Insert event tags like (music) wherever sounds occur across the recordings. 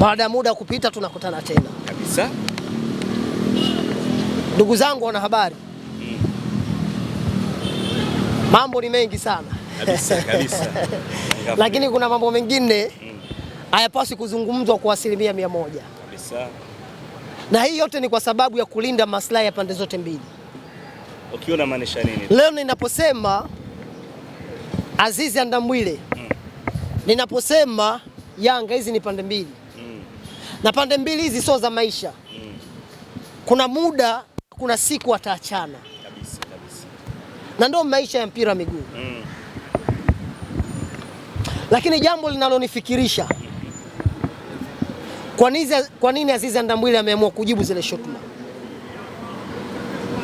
Baada ya muda kupita, tunakutana tena kabisa. Ndugu zangu wana habari, mm. mambo ni mengi sana kabisa, kabisa. (laughs) lakini kuna mambo mengine hayapaswi kuzungumzwa kwa asilimia mia moja kabisa. Na hii yote ni kwa sababu ya kulinda maslahi ya pande zote mbili. Ukiwa na maanisha nini? Leo ninaposema Azizi Andambwile mm. ninaposema Yanga, hizi ni pande mbili na pande mbili hizi sio za maisha mm. Kuna muda, kuna siku wataachana kabisa kabisa, na ndio maisha ya mpira miguu mm. Lakini jambo linalonifikirisha kwa nini, kwa nini Azizi Ndambwile ameamua kujibu zile shutuma?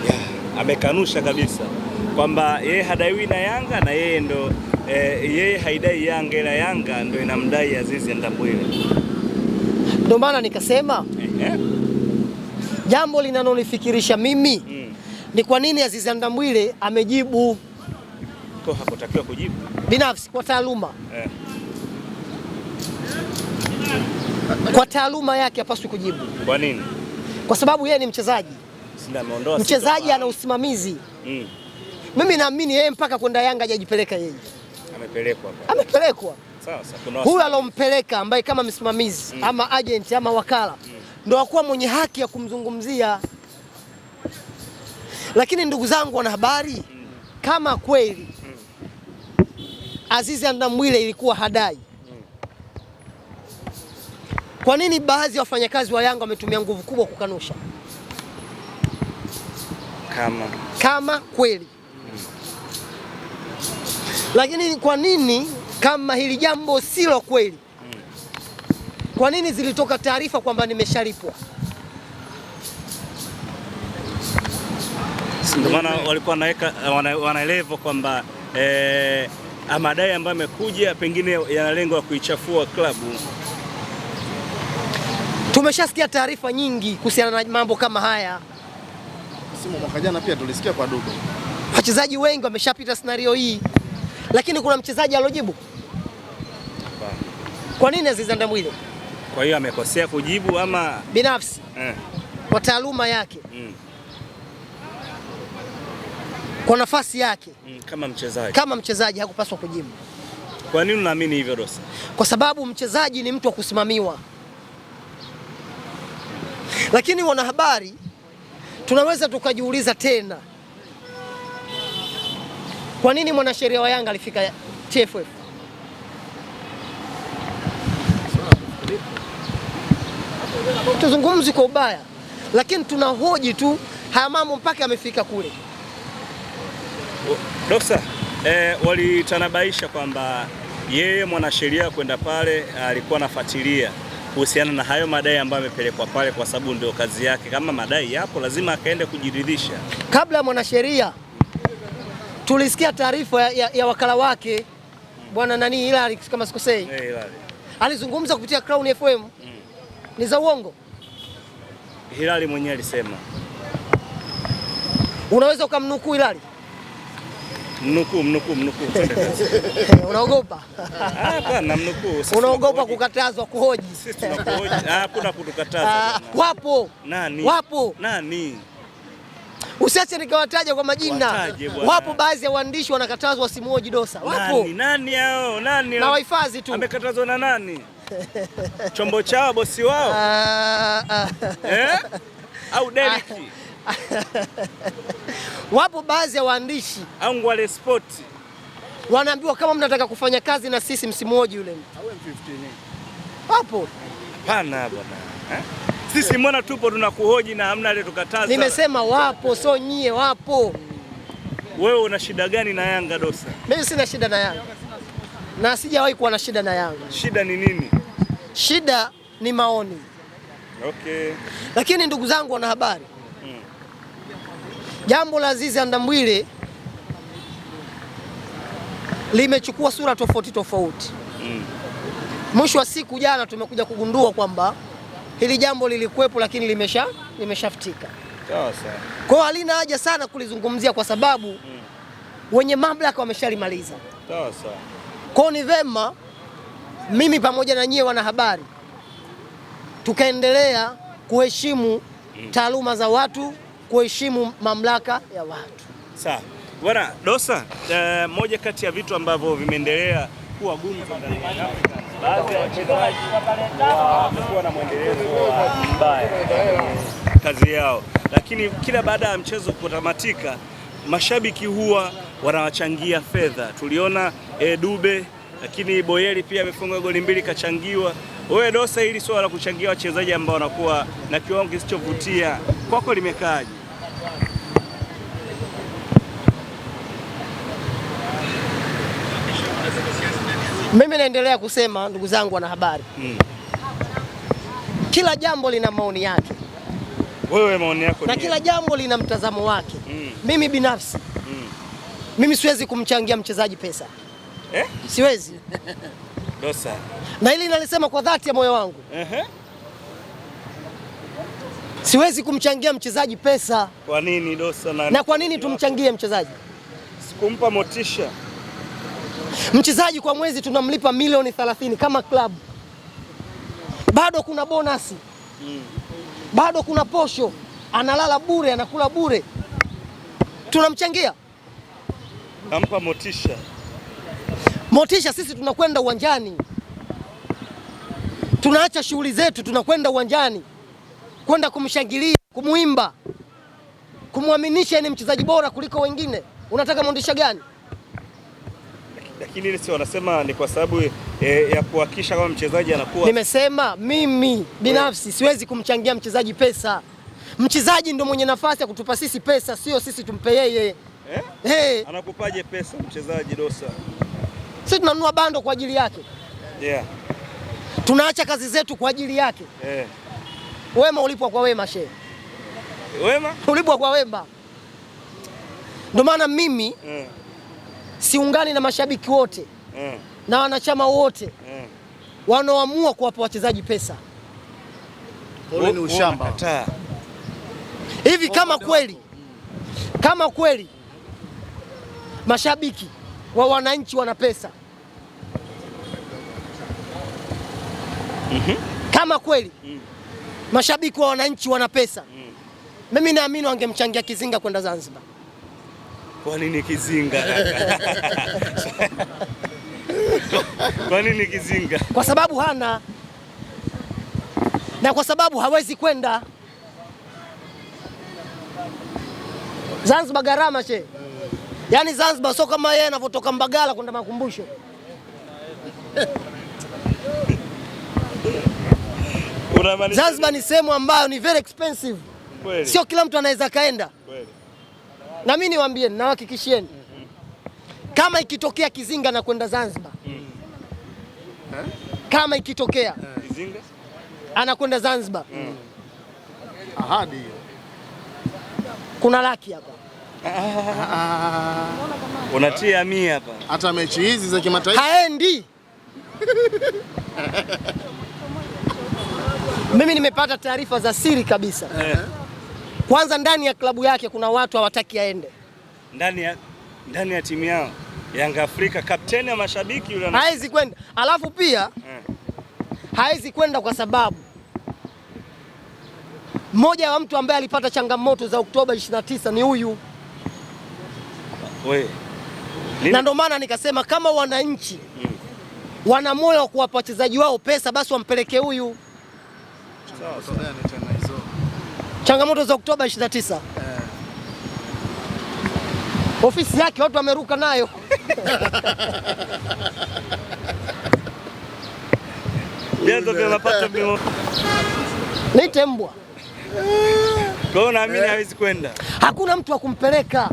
Yeah, amekanusha kabisa kwamba yeye hadaiwi na Yanga na yeye ndo eh, yeye haidai Yanga ila Yanga ndo inamdai Azizi Ndambwile. Ndio maana nikasema eh, eh. jambo linalonifikirisha mimi mm. ni kwa nini Aziz Andambwile amejibu kwa hakutakiwa kujibu. Binafsi kwa taaluma eh. kwa taaluma yake hapaswi kujibu. Kwa nini? Kwa sababu yeye ni mchezaji, mchezaji ana usimamizi mm. mimi naamini yeye mpaka kwenda Yanga hajajipeleka yeye, amepelekwa amepelekwa huyu alompeleka ambaye kama msimamizi mm. ama agent ama wakala mm. ndo akuwa mwenye haki ya kumzungumzia. Lakini ndugu zangu wanahabari mm. kama kweli mm. Azizi Andamwile ilikuwa hadai mm. kwa nini baadhi ya wafanyakazi wa Yanga wametumia nguvu kubwa kukanusha kama, kama kweli mm. lakini kwa nini kama hili jambo silo kweli. Kwa nini zilitoka taarifa kwamba nimeshalipwa? Ndio maana walikuwa wanaeleva kwamba eh, madai ambayo amekuja pengine yana lengo la kuichafua klabu. Tumeshasikia taarifa nyingi kuhusiana na mambo kama haya. Msimu mwaka jana pia tulisikia kwa Dudu, wachezaji wengi wameshapita scenario hii lakini kuna mchezaji alojibu. Kwa nini Aziz Ndambwile? Kwa hiyo amekosea kujibu ama binafsi eh, kwa taaluma yake mm, kwa nafasi yake mm, kama mchezaji, kama mchezaji hakupaswa kujibu. Kwa nini unaamini hivyo Dosa? Kwa sababu mchezaji ni mtu wa kusimamiwa, lakini wanahabari tunaweza tukajiuliza tena kwa nini mwanasheria wa Yanga alifika TFF? Tuzungumzi kwa ubaya, lakini tunahoji tu haya mambo mpaka yamefika kule. Dokta, eh, walitanabaisha kwamba yeye mwanasheria kwenda pale eh, alikuwa anafuatilia kuhusiana na hayo madai ambayo amepelekwa pale, kwa sababu ndio kazi yake. Kama madai yapo, lazima akaende kujiridhisha kabla ya mwanasheria tulisikia taarifa ya, ya, ya wakala wake bwana nani Hilary kama sikosei, hey, alizungumza kupitia Crown FM mm. Ni za uongo. Hilary mwenyewe alisema. Unaweza ukamnukuu Hilary? Mnukuu, mnukuu, mnukuu. (laughs) Unaogopa? Hapana, mnukuu. Unaogopa kukatazwa kuhoji? Sisi tunakuhoji. (laughs) Ah, kuna kutukataza. Wapo. Nani? Wapo. Nani? usiache nikawataja kwa majina. wapo baadhi ya waandishi wanakatazwa wasimuoji Jidosa. wapo nani, nani yao, nani, na wahifadhi tu. Amekatazwa na nani? chombo chao bosi wao (laughs) (laughs) eh? au Deriki (laughs) wapo baadhi ya waandishi au Ngwale Sport wanaambiwa kama mnataka kufanya kazi na sisi msimuoji yule mtu. Wapo hapana bwana eh? Sisi mbona tupo tunakuhoji na hamna ile tukataza. Nimesema wapo, so nyie wapo. Wewe una shida gani na Yanga Dosa? Mimi sina shida na Yanga na sijawahi kuwa na shida na Yanga. Shida ni nini? Shida ni maoni. Okay. Lakini ndugu zangu wanahabari, hmm, jambo la Azizi Andambwile limechukua sura tofauti tofauti. Hmm. Mwisho hmm, wa siku jana tumekuja kugundua kwamba hili jambo lilikuwepo, lakini limesha limeshafutika. Sawa Kwa hiyo halina haja sana kulizungumzia kwa sababu mm. wenye mamlaka wameshalimaliza. sawa. Kwa hiyo ni vema mimi pamoja na nyie wanahabari tukaendelea kuheshimu mm. taaluma za watu, kuheshimu mamlaka ya watu. Sawa. Bwana Dosa, uh, moja kati ya vitu ambavyo vimeendelea kuwa gumu Baadhi ya wachezaji wamekuwa na mwendelezo mbaya kazi yao, lakini kila baada ya mchezo kutamatika, mashabiki huwa wanawachangia fedha. Tuliona e, Dube lakini Boyeli pia amefunga goli mbili kachangiwa. Wewe Dosa, hili swala la kuchangia wachezaji ambao wanakuwa na kiwango kisichovutia kwako limekaaje? Mimi naendelea kusema ndugu zangu wanahabari, mm. Kila jambo lina maoni yake wewe, maoni yako na kila jambo lina mtazamo wake mm. Mimi binafsi mm. Mimi siwezi kumchangia mchezaji pesa eh? Siwezi (laughs) Dosa. Na hili nalisema kwa dhati ya moyo wangu uh -huh. Siwezi kumchangia mchezaji pesa. Kwa nini Dosa? Na, na kwa nini tumchangie mchezaji? Sikumpa motisha Mchezaji kwa mwezi tunamlipa milioni 30 kama klabu, bado kuna bonasi, bado kuna posho, analala bure, anakula bure, tunamchangia nampa motisha. Motisha sisi tunakwenda uwanjani, tunaacha shughuli zetu, tunakwenda uwanjani kwenda kumshangilia, kumuimba, kumwaminisha ni mchezaji bora kuliko wengine. Unataka motisha gani? lakini ile si wanasema ni kwa sababu e, ya kuhakikisha kama mchezaji anakuwa. Nimesema mimi binafsi siwezi kumchangia mchezaji pesa. Mchezaji ndo mwenye nafasi ya kutupa sisi pesa, sio sisi tumpe yeye eh? Hey. Anakupaje pesa mchezaji Dosa? Sisi tunanunua bando kwa ajili yake yeah. Tunaacha kazi zetu kwa ajili yake yeah. Wema ulipwa kwa wema, shehe. Wema ulipwa kwa wema, ndio maana mimi yeah siungani na mashabiki wote mm. na wanachama wote mm. wanaoamua kuwapa wachezaji pesa. ni ushamba. Hivi kama kweli kama kweli mashabiki wa wananchi wana pesa mhm. kama kweli mm. mashabiki wa wananchi wana pesa mm. mimi naamini wangemchangia Kizinga kwenda Zanzibar. Kwa nini kizinga? (laughs) Kwa nini kizinga? Kwa sababu hana na kwa sababu hawezi kwenda Zanzibar, gharama she. Yaani Zanzibar sio kama yeye anavyotoka Mbagala kwenda makumbusho. Zanzibar ni sehemu ambayo ni very expensive. Sio kila mtu anaweza kaenda. Na mimi niwaambie, nawahakikishieni kama ikitokea kizinga na kwenda Zanzibar, kama ikitokea kizinga anakwenda Zanzibar, mm. ahadi hiyo, kuna laki hapa unatia mia hapa. Hata mechi hizi za kimataifa haendi. (laughs) Mimi nimepata taarifa za siri kabisa eh. Kwanza ndani ya klabu yake kuna watu hawataki aende ndani ya, ndani ya timu yao Yanga Afrika, kapteni ya mashabiki yule haizi kwenda, alafu pia eh, hawezi kwenda kwa sababu mmoja wa mtu ambaye alipata changamoto za Oktoba 29 ni huyu, na ndio maana nikasema kama wananchi mm, wana moyo wa kuwapa wachezaji wao pesa, basi wampeleke huyu changamoto za Oktoba 29 yeah. Ofisi yake watu wameruka nayo (laughs) nite mbwa naamini hawezi kwenda, hakuna mtu wa kumpeleka.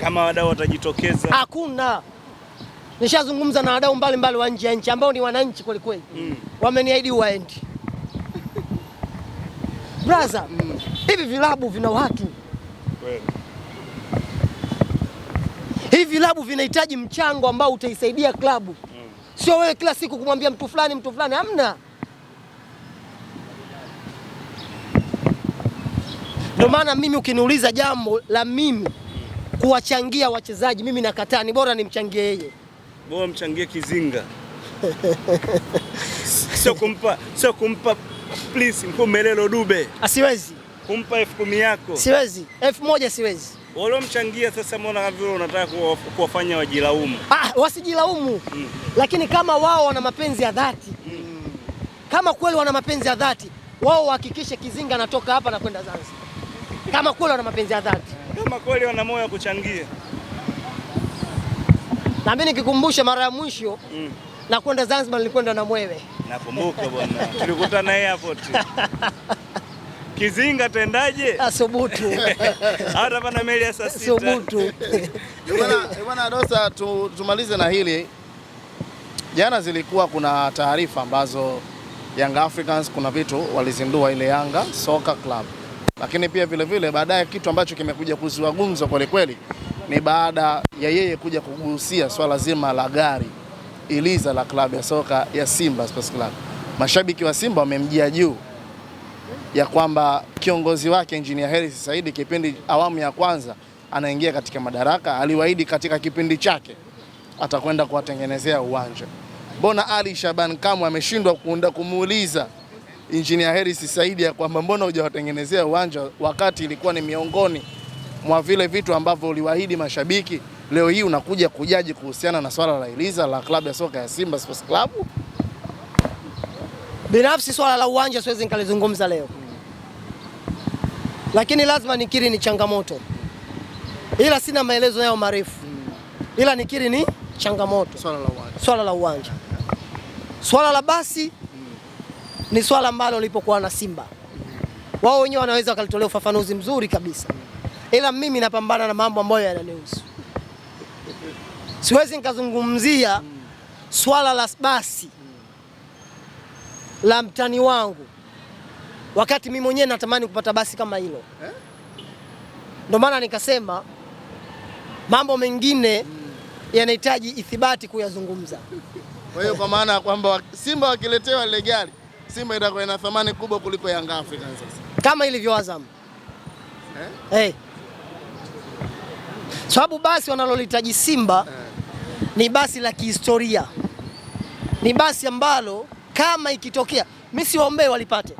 Kama wadau watajitokeza, hakuna. Nishazungumza na wadau mbalimbali wa nje ya nchi ambao ni wananchi kwelikweli, mm. wameniahidi waendi Braza, hivi mm. vilabu vina watu kweli. Hivi vilabu vinahitaji mchango ambao utaisaidia klabu mm. Sio wewe kila siku kumwambia mtu fulani mtu fulani, hamna. Ndio maana mimi ukiniuliza jambo la mimi kuwachangia wachezaji, mimi nakataa, ni bora nimchangie yeye, bora mchangie Kizinga (laughs) sio kumpa, sio kumpa Please mkuu Melelo Dube. Asiwezi. Ah, Kumpa elfu kumi yako. Siwezi. elfu moja siwezi. Waliomchangia sasa mbona nataka vile unataka kuwafanya wajilaumu? Ah, wasijilaumu. Mm. Lakini kama wao wana mapenzi ya dhati. Mm. Kama kweli wana mapenzi ya dhati, wao wahakikishe Kizinga anatoka hapa na kwenda Zanzibar. Kama kweli wana mapenzi ya dhati. Kama kweli wana moyo wa kuchangia. Na mimi nikikumbusha mara ya mwisho mm na kwenda Zanzibar nilikwenda na mwewe. Nakumbuka bwana. Tulikutana airport. Kizinga tendaje? Asubutu. Ah, (laughs) Hata pana meli ya saa sita. Asubutu. Bwana bwana Dosa, tumalize na hili. Jana zilikuwa kuna taarifa ambazo Young Africans kuna vitu walizindua ile Yanga Soccer Club, lakini pia vilevile baadaye kitu ambacho kimekuja kuzua gumzo kwelikweli ni baada ya yeye kuja kugusia swala zima la gari iliza la klabu ya soka ya Simba Sports Club. Mashabiki wa Simba wamemjia juu ya kwamba kiongozi wake Engineer Hersi Said kipindi awamu ya kwanza anaingia katika madaraka, aliwaahidi katika kipindi chake atakwenda kuwatengenezea uwanja. Mbona Ali Shaban Kamwe ameshindwa kuunda kumuuliza Engineer Hersi Said ya kwamba mbona hujawatengenezea uwanja, wakati ilikuwa ni miongoni mwa vile vitu ambavyo uliwaahidi mashabiki leo hii unakuja kujaji kuhusiana na swala la Iliza la klabu ya soka ya Simba Sports Club? Binafsi swala la uwanja siwezi nikalizungumza leo, lakini lazima nikiri ni changamoto, ila sina maelezo yao marefu, ila nikiri ni changamoto swala la uwanja. Swala la uwanja, swala la basi ni swala ambalo lipokuwa na Simba wao wenyewe wanaweza wakalitolea ufafanuzi mzuri kabisa, ila mimi napambana na mambo ambayo yananihusu siwezi nikazungumzia swala la basi la mtani wangu wakati mimi mwenyewe natamani kupata basi kama hilo eh? Ndio maana nikasema mambo mengine hmm, yanahitaji ithibati kuyazungumza. (laughs) Kwa hiyo kwa maana ya kwamba Simba wakiletewa ile gari, Simba itakuwa ina thamani kubwa kuliko yanga Afrika sasa, kama ilivyo Azam eh? Hey. Eh. Sababu basi wanalolitaji Simba eh ni basi la kihistoria, ni basi ambalo kama ikitokea, mi siombei walipate,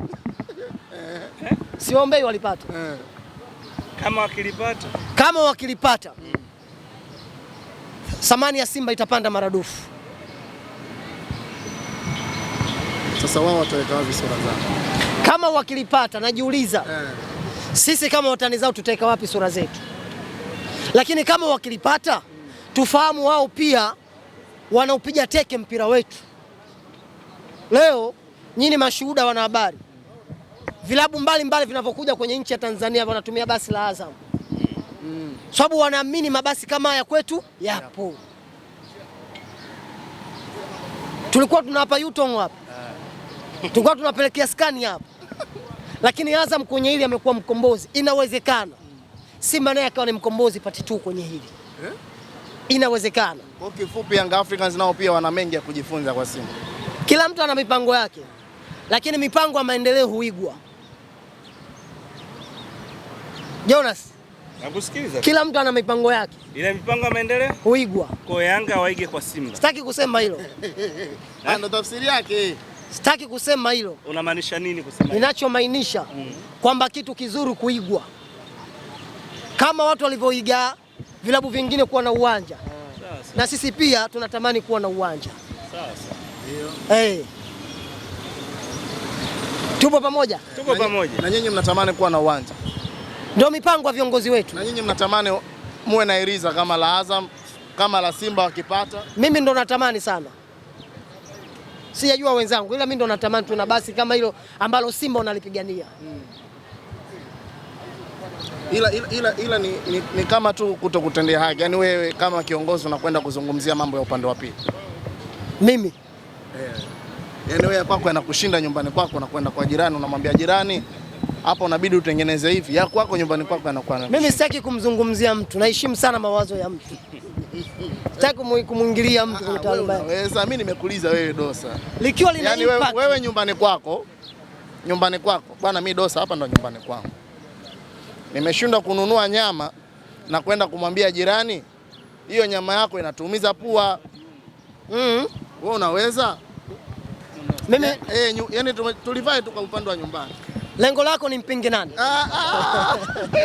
siombei walipate, kama wakilipata, kama wakilipata thamani ya Simba itapanda maradufu. Sasa wao wataweka wapi sura zao kama wakilipata? Najiuliza eh. Sisi kama watani zao tutaweka wapi sura zetu? Lakini kama wakilipata tufahamu wao pia wanaopiga teke mpira wetu. Leo nyinyi mashuhuda, wanahabari, vilabu mbalimbali vinavyokuja kwenye nchi ya Tanzania wanatumia basi la Azam mm. sababu wanaamini mabasi kama haya kwetu yapo. Tulikuwa tunawapa Yutong hapa, eh. tulikuwa tunapelekea skani hapa, lakini Azam kwenye hili amekuwa mkombozi. Inawezekana mm. Simba naye akawa ni mkombozi pati tu kwenye hili eh? inawezekana. Kwa kifupi, Young Africans nao pia wana mengi ya kujifunza kwa Simba. Kila mtu ana mipango yake, lakini mipango ya maendeleo huigwa. Jonas, nakusikiliza. Kila mtu ana mipango yake, ile mipango ya maendeleo huigwa. Kwa Yanga waige kwa Simba. Sitaki kusema hilo na (laughs) ah, ndo tafsiri yake. Sitaki kusema hilo. Unamaanisha nini kusema? Ninachomaanisha mm, kwamba kitu kizuri kuigwa kama watu walivyoiga vilabu vingine kuwa na uwanja Na sisi pia tunatamani kuwa na uwanja Hey. Tupo pamoja, tupo pamoja. Na nyinyi mnatamani kuwa na uwanja, ndio mipango ya viongozi wetu. Na nyinyi mnatamani muwe na iriza kama la Azam kama la Simba wakipata. Mimi ndo natamani sana, sijajua wenzangu, ila mimi ndo natamani tuna basi kama hilo ambalo Simba wanalipigania hmm ila, ila, ila, ila ni, ni, ni kama tu kuto kutendea haki. Yaani wewe kama kiongozi unakwenda kuzungumzia mambo ya upande wa pili mimi eh, Yaani wewe kwako anakushinda nyumbani kwako, unakwenda kwa jirani unamwambia jirani, hapa unabidi utengeneze hivi, ya kwako nyumbani kwako anakuwa. Mimi sitaki kumzungumzia mtu, naheshimu sana mawazo ya mtu sitaki kumwingilia mtu kwenye taaluma yake. Wewe mimi nimekuuliza wewe Dosa, likiwa lina yani wewe, wewe nyumbani kwako nyumbani kwako bwana, mimi Dosa hapa ndo nyumbani kwangu nimeshindwa kununua nyama na kwenda kumwambia jirani, hiyo nyama yako inatuumiza pua. Mm, wewe unaweza mimi eh, eh yani tulivae tu kwa upande wa nyumbani. Lengo lako ni mpinge nani? Ah, ah.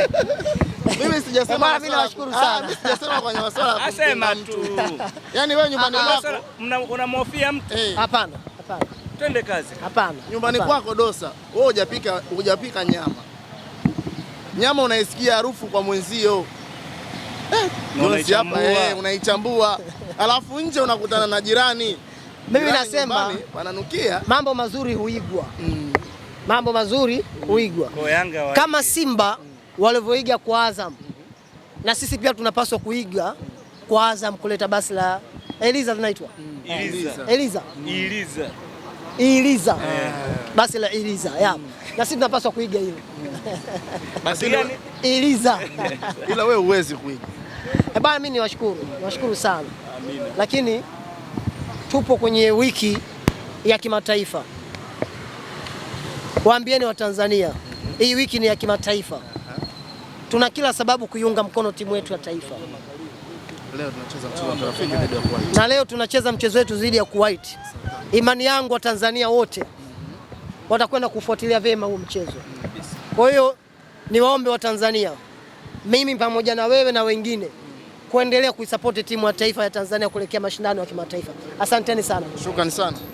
(laughs) Mimi sijasema. Mimi nashukuru sana. Ah, mimi sijasema kwa masuala. Asema tu. Yaani wewe nyumbani kwako unamhofia mtu? Eh. Hapana, hapana. Twende kazi. Hapana. Nyumbani kwako Dosa, wewe hujapika hujapika nyama nyama unaisikia harufu kwa mwenzio eh, eh, unaichambua alafu nje unakutana na jirani. Mimi nasema wananukia mambo mazuri huigwa mm. mambo mazuri huigwa mm. kama Simba walivyoiga kwa Azam na sisi pia tunapaswa kuiga kwa Azam kuleta basi la Eliza linaitwa Eliza Eliza Eliza eh. basi la Eliza yeah. (laughs) na sisi tunapaswa kuiga hilo. (laughs) Basi Eliza, (laughs) ila wewe huwezi kuiga eh, bana. Mimi niwashukuru, niwashukuru sana Amina. Lakini tupo kwenye wiki ya kimataifa, waambieni Watanzania hii wiki ni ya kimataifa. Tuna kila sababu kuiunga mkono timu yetu ya taifa. Leo tunacheza mchezo wa kirafiki dhidi ya Kuwait. Na leo tunacheza mchezo wetu dhidi ya Kuwait. Imani yangu Watanzania wote watakwenda kufuatilia vyema huu mchezo. Kwa hiyo niwaombe Watanzania, mimi pamoja na wewe na wengine kuendelea kuisapoti timu ya taifa ya Tanzania kuelekea mashindano ya kimataifa. Asanteni sana, shukrani sana.